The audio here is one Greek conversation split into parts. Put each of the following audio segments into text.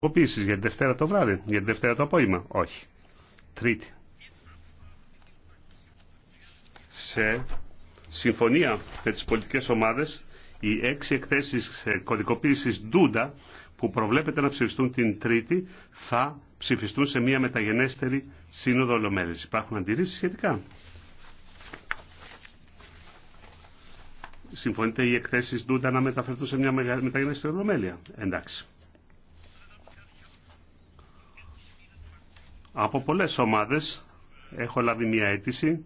Επίσης, για την Δευτέρα το βράδυ, για την Δευτέρα το απόγευμα. Όχι. Τρίτη. Σε συμφωνία με τις πολιτικές ομάδες, οι έξι εκθέσεις κωδικοποίησης Ντούντα που προβλέπεται να ψηφιστούν την Τρίτη θα ψηφιστούν σε μια μεταγενέστερη σύνοδο ολομέλειας. Υπάρχουν αντιρρήσεις σχετικά. Συμφωνείτε οι εκθέσεις Ντούντα να μεταφερθούν σε μια μεταγενέστερη ολομέλεια. Εντάξει. Από πολλές ομάδες έχω λάβει μια αίτηση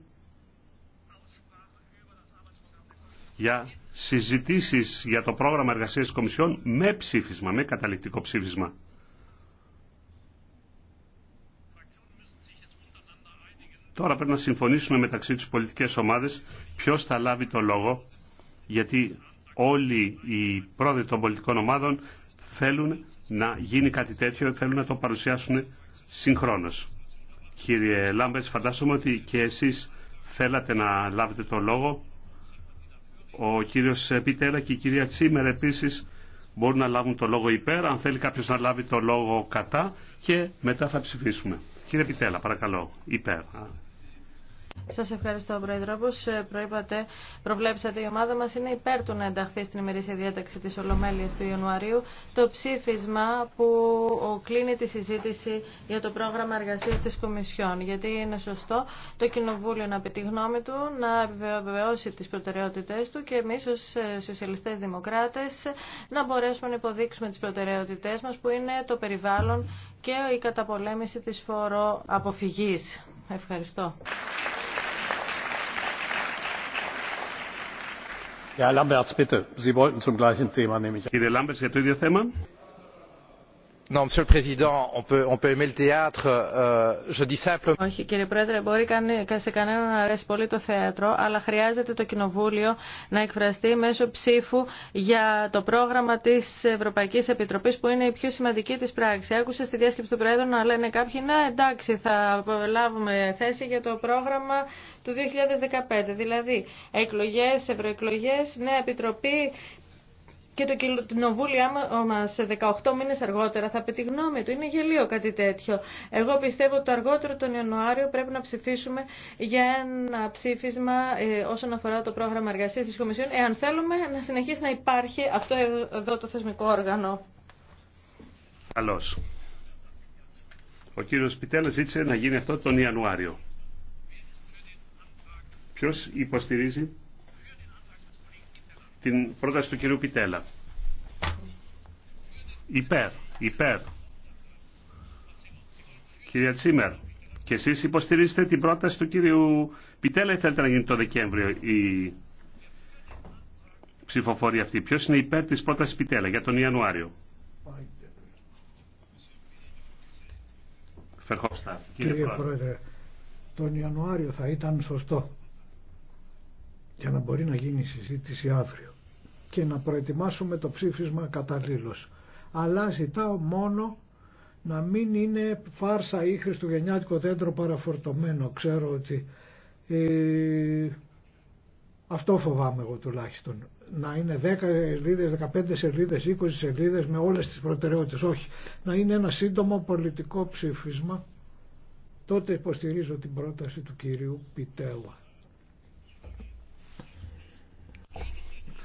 για συζητήσεις για το πρόγραμμα εργασίας της Κομισιόν με ψήφισμα, με καταληκτικό ψήφισμα. Τώρα πρέπει να συμφωνήσουμε μεταξύ τους πολιτικές ομάδες ποιος θα λάβει το λόγο, γιατί όλοι οι πρόεδροι των πολιτικών ομάδων θέλουν να γίνει κάτι τέτοιο, θέλουν να το παρουσιάσουν συγχρόνως. Κύριε Λάμπερτς, φαντάζομαι ότι και εσείς θέλατε να λάβετε το λόγο. Ο κύριος Πιτέρα και η κυρία Τσίμερ επίσης μπορούν να λάβουν το λόγο υπέρ, αν θέλει κάποιος να λάβει το λόγο κατά και μετά θα ψηφίσουμε. Κύριε Πιτέλα, παρακαλώ, υπέρ. Σας ευχαριστώ, Πρόεδρο. Όπως ε, προείπατε, προβλέψατε, η ομάδα μας είναι υπέρ του να ενταχθεί στην ημερήσια διάταξη της Ολομέλειας του Ιανουαρίου το ψήφισμα που κλείνει τη συζήτηση για το πρόγραμμα εργασίας της Κομισιόν. Γιατί είναι σωστό το Κοινοβούλιο να πει τη γνώμη του, να επιβεβαιώσει τις προτεραιότητες του και εμείς ως ε, σοσιαλιστές δημοκράτες να μπορέσουμε να υποδείξουμε τις προτεραιότητές μας που είναι το περιβάλλον και η καταπολέμηση της φοροαποφυγής. Ευχαριστώ. Κύριε Λάμπερτς, για το θέμα. Όχι, κύριε Πρόεδρε, μπορεί σε κανέναν να αρέσει πολύ το θέατρο, αλλά χρειάζεται το Κοινοβούλιο να εκφραστεί μέσω ψήφου για το πρόγραμμα τη Ευρωπαϊκή Επιτροπή, που είναι η πιο σημαντική τη πράξη. Άκουσα στη διάσκεψη του Πρόεδρου να λένε κάποιοι, να εντάξει, θα λάβουμε θέση για το πρόγραμμα του 2015. Δηλαδή, εκλογέ, ευρωεκλογέ, νέα επιτροπή, και το κοινοβούλιο μα 18 μήνε αργότερα θα πει τη γνώμη του. Είναι γελίο κάτι τέτοιο. Εγώ πιστεύω ότι το αργότερο τον Ιανουάριο πρέπει να ψηφίσουμε για ένα ψήφισμα ε, όσον αφορά το πρόγραμμα εργασία τη Κομισιόν, εάν θέλουμε να συνεχίσει να υπάρχει αυτό εδώ το θεσμικό όργανο. Καλώ. Ο κύριο Πιτέλα ζήτησε να γίνει αυτό τον Ιανουάριο. Ποιο υποστηρίζει την πρόταση του κυρίου Πιτέλα. Υπέρ, υπέρ. Κυρία Τσίμερ, και εσείς υποστηρίζετε την πρόταση του κυρίου Πιτέλα ή θέλετε να γίνει το Δεκέμβριο η ψηφοφορία αυτή. Ποιος είναι υπέρ της πρότασης Πιτέλα για τον Ιανουάριο. Φερχόστα. κύριε, Πρόεδρε. Πρόεδρε, τον Ιανουάριο θα ήταν σωστό για να μπορεί να γίνει η συζήτηση αύριο και να προετοιμάσουμε το ψήφισμα καταλήλως. Αλλά ζητάω μόνο να μην είναι φάρσα ή χριστουγεννιάτικο δέντρο παραφορτωμένο. Ξέρω ότι ε, αυτό φοβάμαι εγώ τουλάχιστον. Να είναι 10 σελίδες, 15 σελίδες, 20 σελίδες με όλες τις προτεραιότητες. Όχι. Να είναι ένα σύντομο πολιτικό ψήφισμα. Τότε υποστηρίζω την πρόταση του κυρίου Πιτέλα.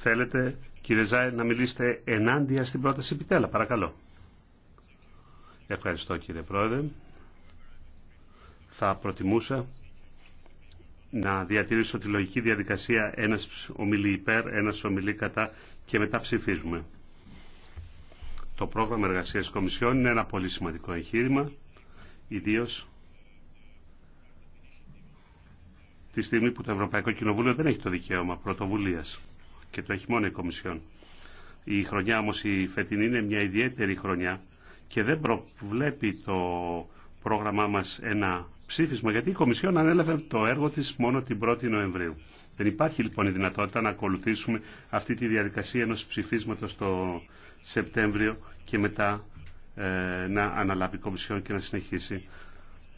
Θέλετε, κύριε Ζάε, να μιλήσετε ενάντια στην πρόταση Πιτέλα, παρακαλώ. Ευχαριστώ κύριε Πρόεδρε. Θα προτιμούσα να διατηρήσω τη λογική διαδικασία ένας ομιλή υπέρ, ένας ομιλή κατά και μετά ψηφίζουμε. Το πρόγραμμα εργασίας της Κομισιόν είναι ένα πολύ σημαντικό εγχείρημα, ιδίως τη στιγμή που το Ευρωπαϊκό Κοινοβούλιο δεν έχει το δικαίωμα πρωτοβουλίας και το έχει μόνο η Κομισιόν. Η χρονιά όμως η φετινή είναι μια ιδιαίτερη χρονιά και δεν προβλέπει το πρόγραμμά μας ένα ψήφισμα γιατί η Κομισιόν ανέλαβε το έργο της μόνο την 1η Νοεμβρίου. Δεν υπάρχει λοιπόν η δυνατότητα να ακολουθήσουμε αυτή τη διαδικασία ενός ψηφίσματος το Σεπτέμβριο και μετά ε, να αναλάβει η Κομισιόν και να συνεχίσει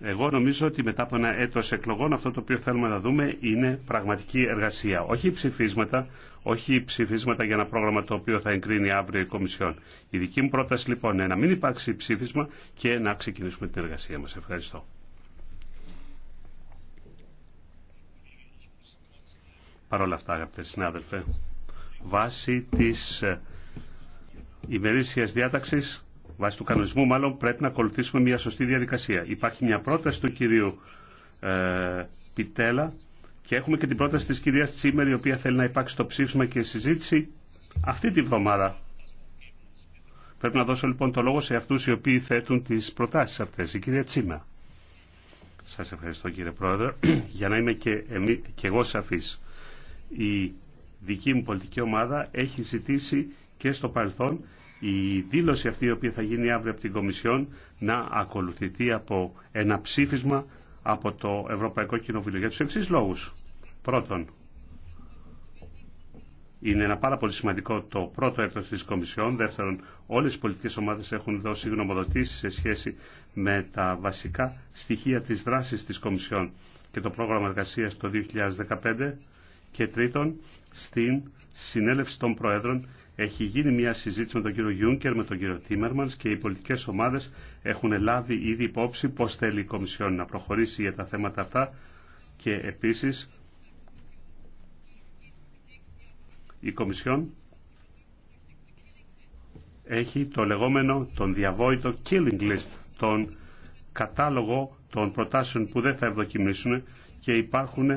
εγώ νομίζω ότι μετά από ένα έτος εκλογών αυτό το οποίο θέλουμε να δούμε είναι πραγματική εργασία. Όχι ψηφίσματα, όχι ψηφίσματα για ένα πρόγραμμα το οποίο θα εγκρίνει αύριο η Κομισιόν. Η δική μου πρόταση λοιπόν είναι να μην υπάρξει ψήφισμα και να ξεκινήσουμε την εργασία μας. Ευχαριστώ. Παρ' όλα αυτά αγαπητέ συνάδελφε, βάσει της ε, ημερήσια διάταξης βάσει του κανονισμού μάλλον πρέπει να ακολουθήσουμε μια σωστή διαδικασία. Υπάρχει μια πρόταση του κυρίου ε, Πιτέλα και έχουμε και την πρόταση της κυρίας Τσίμερ η οποία θέλει να υπάρξει το ψήφισμα και συζήτηση αυτή τη βδομάδα. Πρέπει να δώσω λοιπόν το λόγο σε αυτούς οι οποίοι θέτουν τις προτάσεις αυτές. Η κυρία Τσίμα. Σας ευχαριστώ κύριε Πρόεδρε. Για να είμαι και, εμεί, και εγώ σαφής. Η δική μου πολιτική ομάδα έχει ζητήσει και στο παρελθόν η δήλωση αυτή η οποία θα γίνει αύριο από την Κομισιόν να ακολουθηθεί από ένα ψήφισμα από το Ευρωπαϊκό Κοινοβούλιο για τους εξής λόγους. Πρώτον, είναι ένα πάρα πολύ σημαντικό το πρώτο έτος της Κομισιόν. Δεύτερον, όλες οι πολιτικές ομάδες έχουν δώσει γνωμοδοτήσεις σε σχέση με τα βασικά στοιχεία της δράσης της Κομισιόν και το πρόγραμμα εργασίας το 2015. Και τρίτον, στην συνέλευση των Προέδρων έχει γίνει μια συζήτηση με τον κύριο Γιούνκερ, με τον κύριο Τίμερμαν και οι πολιτικέ ομάδε έχουν λάβει ήδη υπόψη πώ θέλει η Κομισιόν να προχωρήσει για τα θέματα αυτά και επίση η Κομισιόν έχει το λεγόμενο, τον διαβόητο killing list, τον κατάλογο των προτάσεων που δεν θα ευδοκιμήσουν και υπάρχουν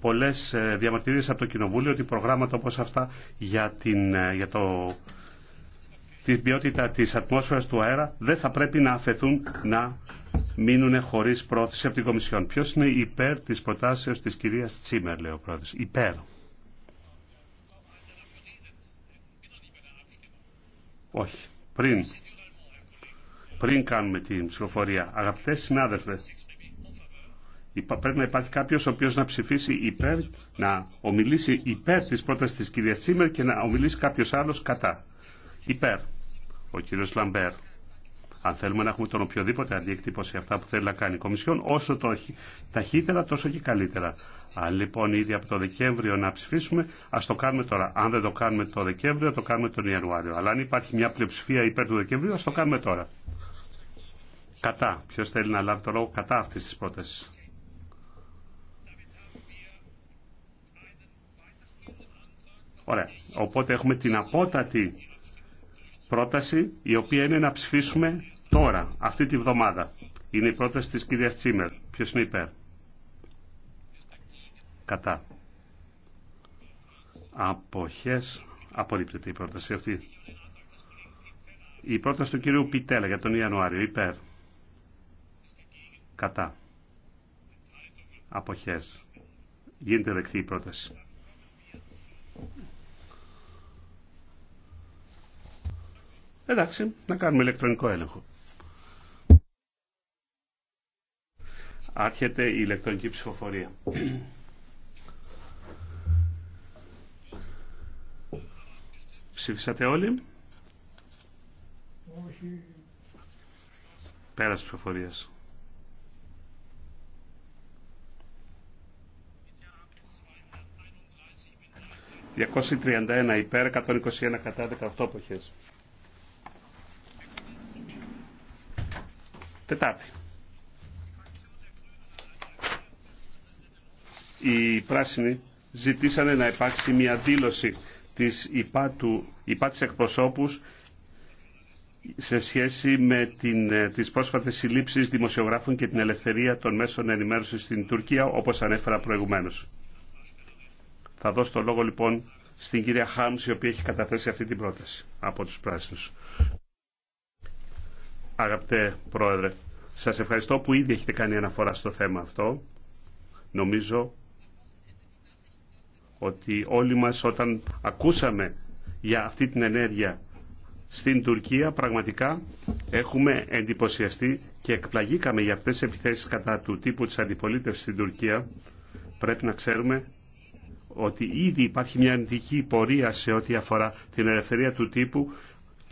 πολλές ε, διαμαρτυρίες από το Κοινοβούλιο ότι προγράμματα όπως αυτά για, την, ε, για το, ποιότητα της ατμόσφαιρας του αέρα δεν θα πρέπει να αφαιθούν να μείνουν χωρίς πρόθεση από την Κομισιόν. Ποιος είναι υπέρ της προτάσεως της κυρίας Τσίμερ, λέει ο πρόεδρος. Υπέρ. Όχι. Πριν. Πριν κάνουμε την ψηφοφορία. Αγαπητές συνάδελφες, πρέπει να υπάρχει κάποιο ο οποίο να ψηφίσει υπέρ, να ομιλήσει υπέρ τη πρόταση τη κυρία Τσίμερ και να ομιλήσει κάποιο άλλο κατά. Υπέρ. Ο κύριο Λαμπέρ. Αν θέλουμε να έχουμε τον οποιοδήποτε αντίκτυπο σε αυτά που θέλει να κάνει η Κομισιόν, όσο το ταχύτερα τόσο και καλύτερα. Αν λοιπόν ήδη από το Δεκέμβριο να ψηφίσουμε, α το κάνουμε τώρα. Αν δεν το κάνουμε το Δεκέμβριο, το κάνουμε τον Ιανουάριο. Αλλά αν υπάρχει μια πλειοψηφία υπέρ του Δεκεμβρίου, α το κάνουμε τώρα. Κατά. Ποιο θέλει να λάβει το λόγο κατά αυτή τη πρόταση. Ωραία. Οπότε έχουμε την απότατη πρόταση η οποία είναι να ψηφίσουμε τώρα, αυτή τη βδομάδα. Είναι η πρόταση της κυρίας Τσίμερ. Ποιος είναι υπέρ. Κατά. Αποχές. Απορρίπτεται η πρόταση αυτή. Η πρόταση του κυρίου Πιτέλα για τον Ιανουάριο. Υπέρ. Κατά. Αποχές. Γίνεται δεκτή η πρόταση. Εντάξει, να κάνουμε ηλεκτρονικό έλεγχο. Άρχεται η ηλεκτρονική ψηφοφορία. Ψήφισατε όλοι. Όχι. Πέρας ψηφοφορίας. ...231 υπέρ, 121 κατά, 18 εποχές. Τετάρτη. Οι πράσινοι ζητήσανε να υπάρξει μια δήλωση της ΥΠΑ, του, ΥΠΑ εκπροσώπους σε σχέση με την, ε, τις πρόσφατες συλλήψεις δημοσιογράφων και την ελευθερία των μέσων ενημέρωσης στην Τουρκία, όπως ανέφερα προηγουμένως. Θα δώσω το λόγο λοιπόν στην κυρία Χάμς, η οποία έχει καταθέσει αυτή την πρόταση από τους πράσινους. Αγαπητέ Πρόεδρε, σας ευχαριστώ που ήδη έχετε κάνει αναφορά στο θέμα αυτό. Νομίζω ότι όλοι μας όταν ακούσαμε για αυτή την ενέργεια στην Τουρκία πραγματικά έχουμε εντυπωσιαστεί και εκπλαγήκαμε για αυτές τις επιθέσεις κατά του τύπου της αντιπολίτευσης στην Τουρκία. Πρέπει να ξέρουμε ότι ήδη υπάρχει μια αντική πορεία σε ό,τι αφορά την ελευθερία του τύπου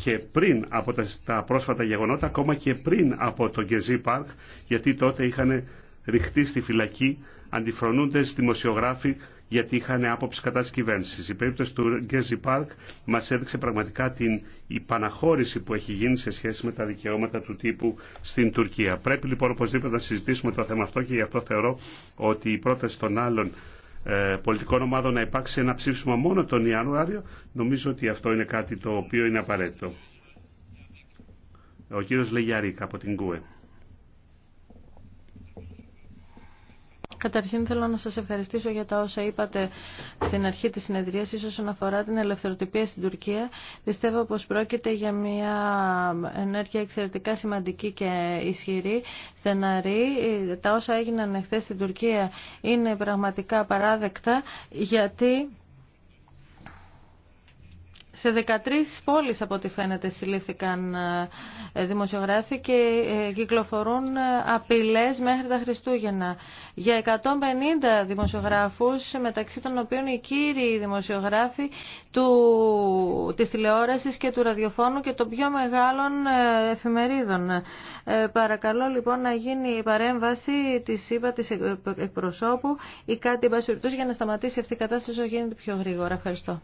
και πριν από τα, πρόσφατα γεγονότα, ακόμα και πριν από το Γκεζί Πάρκ, γιατί τότε είχαν ρηχτεί στη φυλακή αντιφρονούντες δημοσιογράφοι γιατί είχαν άποψη κατά τη κυβέρνηση. Η περίπτωση του Γκέζι Πάρκ μα έδειξε πραγματικά την υπαναχώρηση που έχει γίνει σε σχέση με τα δικαιώματα του τύπου στην Τουρκία. Πρέπει λοιπόν οπωσδήποτε να συζητήσουμε το θέμα αυτό και γι' αυτό θεωρώ ότι η πρόταση των άλλων ε, πολιτικών ομάδων να υπάρξει ένα ψήφισμα μόνο τον Ιανουάριο, νομίζω ότι αυτό είναι κάτι το οποίο είναι απαραίτητο. Ο κύριος Λεγιαρίκ από την ΚΟΕ. Καταρχήν θέλω να σας ευχαριστήσω για τα όσα είπατε στην αρχή της συνεδρίας, ίσως αφορά την ελευθεροτυπία στην Τουρκία. Πιστεύω πως πρόκειται για μια ενέργεια εξαιρετικά σημαντική και ισχυρή, στεναρή. Τα όσα έγιναν εχθές στην Τουρκία είναι πραγματικά παράδεκτα, γιατί σε 13 πόλεις από ό,τι φαίνεται συλλήφθηκαν ε, δημοσιογράφοι και ε, κυκλοφορούν ε, απειλές μέχρι τα Χριστούγεννα. Για 150 δημοσιογράφους, μεταξύ των οποίων οι κύριοι δημοσιογράφοι του, της τηλεόρασης και του ραδιοφώνου και των πιο μεγάλων εφημερίδων. Παρακαλώ λοιπόν να γίνει η παρέμβαση της ΥΠΑ της εκπροσώπου ή κάτι εν για να σταματήσει αυτή η κατάσταση όσο γίνεται πιο γρήγορα. Ευχαριστώ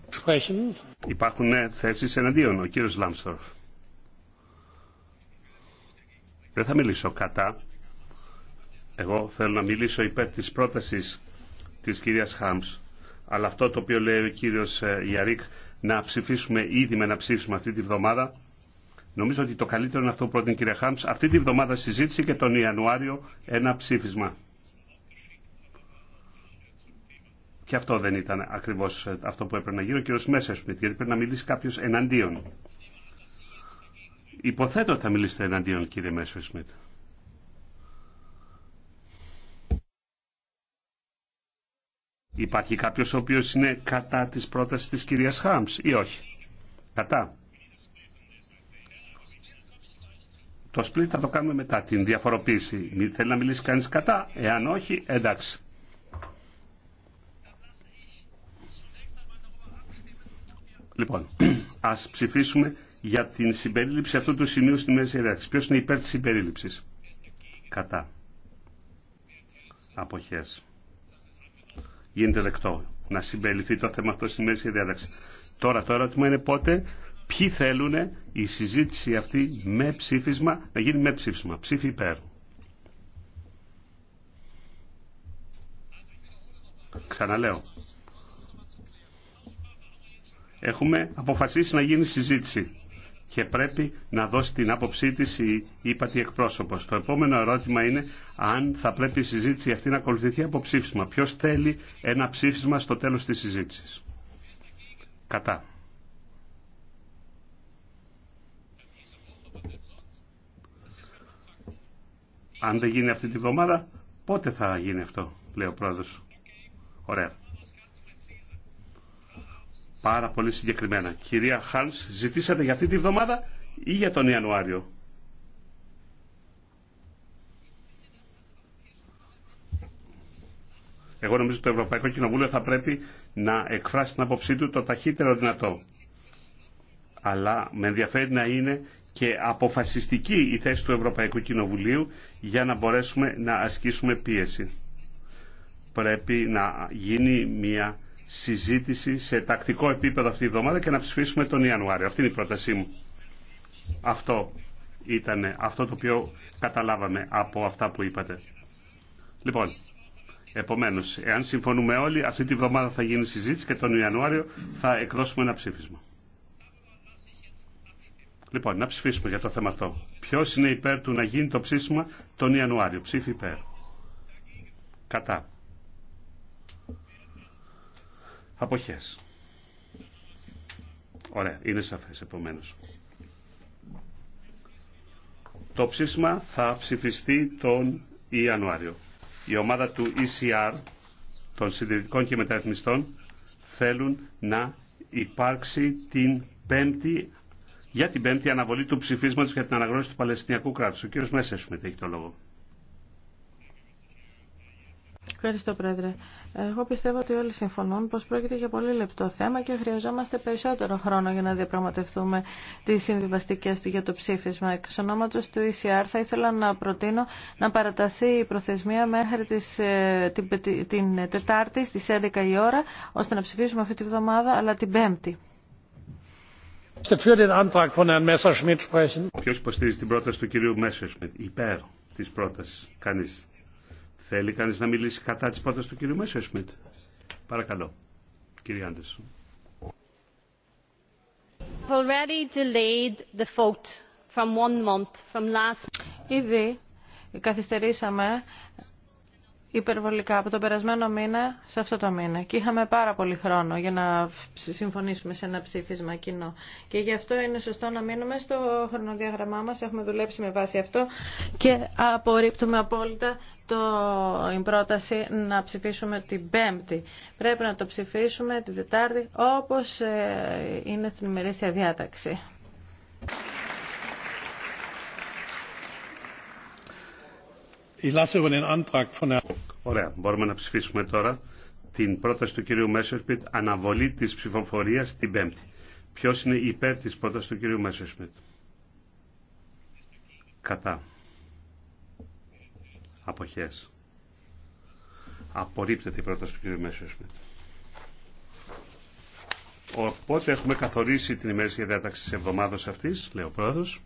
υπάρχουν ε, θέσει εναντίον. Ο κύριο Λάμστορφ. Δεν θα μιλήσω κατά. Εγώ θέλω να μιλήσω υπέρ της πρότασης της κυρίας Χάμς. Αλλά αυτό το οποίο λέει ο κύριος ε, Ιαρίκ να ψηφίσουμε ήδη με ένα ψήφισμα αυτή τη βδομάδα Νομίζω ότι το καλύτερο είναι αυτό που πρότεινε η κυρία Χάμ, Αυτή τη βδομάδα συζήτηση και τον Ιανουάριο ένα ψήφισμα. Και αυτό δεν ήταν ακριβώ ε, αυτό που έπρεπε να γίνει ο κύριο Μέσερσμιτ, γιατί πρέπει να μιλήσει κάποιο εναντίον. Υποθέτω ότι θα μιλήσετε εναντίον, κύριε Σμιτ. Υπάρχει κάποιος ο οποίος είναι κατά της πρότασης της κυρίας Χάμς ή όχι. Κατά. Το σπλίτ θα το κάνουμε μετά, την διαφοροποίηση. Θέλει να μιλήσει κανείς κατά, εάν όχι, εντάξει. Λοιπόν, ας ψηφίσουμε για την συμπερίληψη αυτού του σημείου στη μέση διάταξη. Ποιο είναι υπέρ τη συμπερίληψης. Κατά. Αποχές. Γίνεται δεκτό να συμπεριληφθεί το θέμα αυτό στη μέση διάταξη. Τώρα το ερώτημα είναι πότε ποιοι θέλουν η συζήτηση αυτή με ψήφισμα να γίνει με ψήφισμα. Ψήφι υπέρ. Ξαναλέω έχουμε αποφασίσει να γίνει συζήτηση και πρέπει να δώσει την άποψή τη. η ύπατη εκπρόσωπος. Το επόμενο ερώτημα είναι αν θα πρέπει η συζήτηση αυτή να ακολουθηθεί από ψήφισμα. Ποιος θέλει ένα ψήφισμα στο τέλος τη συζήτηση. Κατά. Αν δεν γίνει αυτή τη βδομάδα, πότε θα γίνει αυτό, λέει ο πρόεδρος. Ωραία πάρα πολύ συγκεκριμένα. Κυρία Χάλς, ζητήσατε για αυτή τη βδομάδα ή για τον Ιανουάριο. Εγώ νομίζω ότι το Ευρωπαϊκό Κοινοβούλιο θα πρέπει να εκφράσει την άποψή του το ταχύτερο δυνατό. Αλλά με ενδιαφέρει να είναι και αποφασιστική η θέση του Ευρωπαϊκού Κοινοβουλίου για να μπορέσουμε να ασκήσουμε πίεση. Πρέπει να γίνει μια συζήτηση σε τακτικό επίπεδο αυτή τη εβδομάδα και να ψηφίσουμε τον Ιανουάριο. Αυτή είναι η πρότασή μου. Αυτό ήταν αυτό το οποίο καταλάβαμε από αυτά που είπατε. Λοιπόν, επομένω, εάν συμφωνούμε όλοι, αυτή τη βδομάδα θα γίνει συζήτηση και τον Ιανουάριο θα εκδώσουμε ένα ψήφισμα. Λοιπόν, να ψηφίσουμε για το θέμα αυτό. Ποιο είναι υπέρ του να γίνει το ψήφισμα τον Ιανουάριο. Ψήφι υπέρ. Κατά. Αποχές. Ωραία, είναι σαφές επομένως. Το ψήφισμα θα ψηφιστεί τον Ιανουάριο. Η ομάδα του ECR, των συντηρητικών και μεταρρυθμιστών, θέλουν να υπάρξει την πέμπτη, για την πέμπτη αναβολή του ψηφίσματος για την αναγνώριση του Παλαιστινιακού κράτους. Ο κύριος μέσα έχει το λόγο. Ευχαριστώ, Πρόεδρε. Εγώ πιστεύω ότι όλοι συμφωνούν πως πρόκειται για πολύ λεπτό θέμα και χρειαζόμαστε περισσότερο χρόνο για να διαπραγματευτούμε τις συμβιβαστικές του για το ψήφισμα. Εξ ονόματος του ECR θα ήθελα να προτείνω να παραταθεί η προθεσμία μέχρι τις, ε, την, την Τετάρτη στις 11 η ώρα, ώστε να ψηφίσουμε αυτή τη βδομάδα, αλλά την Πέμπτη. Ποιο υποστηρίζει την πρόταση του κυρίου Messerschmidt υπέρ τη πρόταση κανεί. Θέλει κανείς να μιλήσει κατά της πρότασης του κύριου Μέσιο Σμιτ. Παρακαλώ, κύριε Άντες. Ήδη καθυστερήσαμε υπερβολικά από τον περασμένο μήνα σε αυτό το μήνα και είχαμε πάρα πολύ χρόνο για να συμφωνήσουμε σε ένα ψήφισμα κοινό και γι' αυτό είναι σωστό να μείνουμε στο χρονοδιάγραμμά μας έχουμε δουλέψει με βάση αυτό και απορρίπτουμε απόλυτα το, η πρόταση να ψηφίσουμε την Πέμπτη πρέπει να το ψηφίσουμε την Τετάρτη όπως ε, είναι στην ημερήσια διάταξη Ωραία, μπορούμε να ψηφίσουμε τώρα την πρόταση του κυρίου Μέσοσπιτ αναβολή της ψηφοφορίας την Πέμπτη. Ποιος είναι υπέρ της πρότασης του κυρίου Μέσοσπιτ. Κατά. Αποχές. Απορρίπτεται η πρόταση του κυρίου Μέσοσπιτ. Οπότε έχουμε καθορίσει την ημέρα για διάταξη της εβδομάδα αυτής, λέει ο πρόεδρος.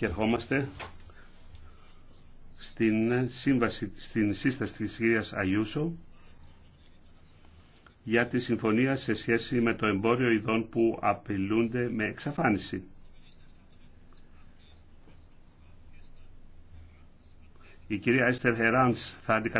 και ερχόμαστε στην, σύμβαση, στην σύσταση της κυρίας Αγιούσο για τη συμφωνία σε σχέση με το εμπόριο ειδών που απειλούνται με εξαφάνιση. Η κυρία Έστερ Χεράνς θα αντικαταστήσει